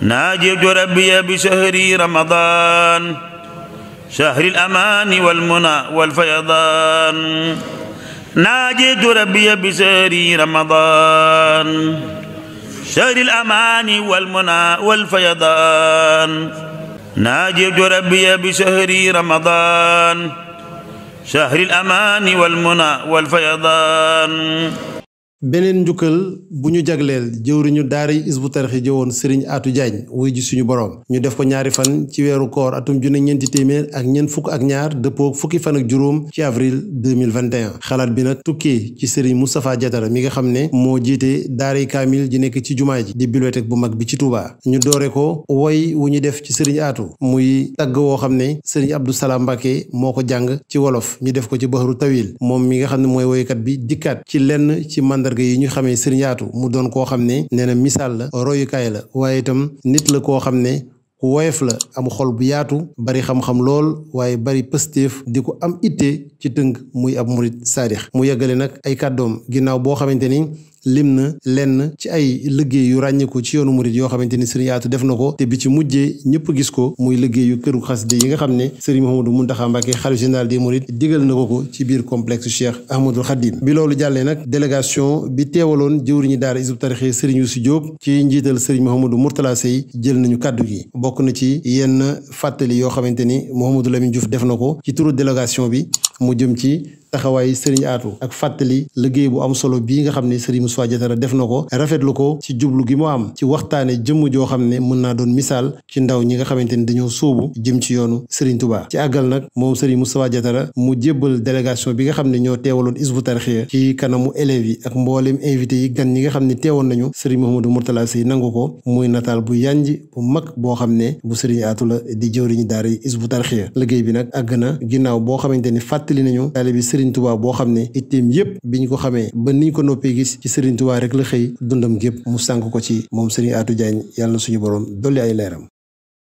ناجي ربي بشهر رمضان شهر الأمان والمنى والفيضان ناجي ربي بشهر رمضان شهر الأمان والمنى والفيضان ناجي ربي بشهر رمضان شهر الأمان والمنى والفيضان beneen njukkal bu ñu jagleel jëwriñu daara Hizbut Tarqiyyah jëwoon Serigne atu Diagne wuy ji suñu borom ñu def ko ñaari fan ci weeru koor atum ju ne ñeenti téeméer ak ñeent fukk ak ñaar dëppoo fukki fan ak juróom ci avril 2021 xalaat bi nag tukkee ci Serigne Moustapha Diatara mi nga xam ne moo jiite daara kaamil ji nekk ci jumaa ji di bibliothèque bu mag bi ci Touba. ñu doore ko woy wu ñu def ci Serigne atu muy tagg woo xam ne Serigne Abdou Salam Mbacké moo ko jàng ci wolof ñu def ko ci Bahru Tawil moom mi nga xam ne mooy woykat bi dikkaat ci lenn ci manda màndarga yi ñu xamee Sëriñ Yaatu mu doon koo xam ne nee na misaal la royukaay la waaye itam nit la koo xam ne ku woyeef la am xol bu yaatu bari xam-xam lool waaye bari pëstéef di ko am itte ci tënk muy ab murit saadix mu yeggale nag ay kàddoom ginnaaw boo xamante ni lim na lenn ci ay liggéey yu ràññeeku ci yoonu murit yoo xamante ni sëriñ Aatu def na ko te bi ci mujjee ñëpp gis ko muy liggéeyu këru xasida yi nga xam ne sëriñ Mouhamadou Mountakha Mbacké xalifa général des mourides digal na ko ko ci biir complexe Cheikh Ahmadoul Khadim bi loolu jàllee nag délégation bi teewaloon jëwriñu daara Hizbut Tarqiyyah sëriñ si Diop ci njiital sëriñ Mouhamadou Mourtala Sey jël nañu kàddu gi bokk na ci yenn fàttali yoo xamante ni Mouhamadou Lamine Diouf def na ko ci turu délégation bi mu jëm ci taxawaay Serigne Atou ak fàttali liggéey bu am solo bii nga xam ne Serigne Moustapha Diatara def na ko rafetlu ko ci jublu gi moo am ci waxtaane jëmm joo xam ne mën naa doon misaal ci ndaw ñi nga xamante ni dañoo sóobu jëm ci yoonu Serigne Touba ci àggal nag moom Serigne Moustapha Diatara mu jébbal délégation bi nga xam ne ñoo teewaloon Hizbut ci kanamu élèves yi ak mbooleem invité yi gan ñi nga xam ne teewoon nañu Serigne Mouhamadou Mourtala Sy nangu ko muy nataal bu yànj bu mag boo xam ne bu Serigne Atou la di jëwriñu daara Hizbut Tarqiyyah liggéey bi nag àgg na ginnaaw boo xamante ni fàttali nañu taalibi Serigne tubaab boo xam ne itteem yépp bi ñu ko xamee ba niñ ko noppee gis ci Serigne Touba rek la xëy dundam gépp mu sànk ko ci moom Serigne atu Diagne yàlla suñu borom dolli ay leeram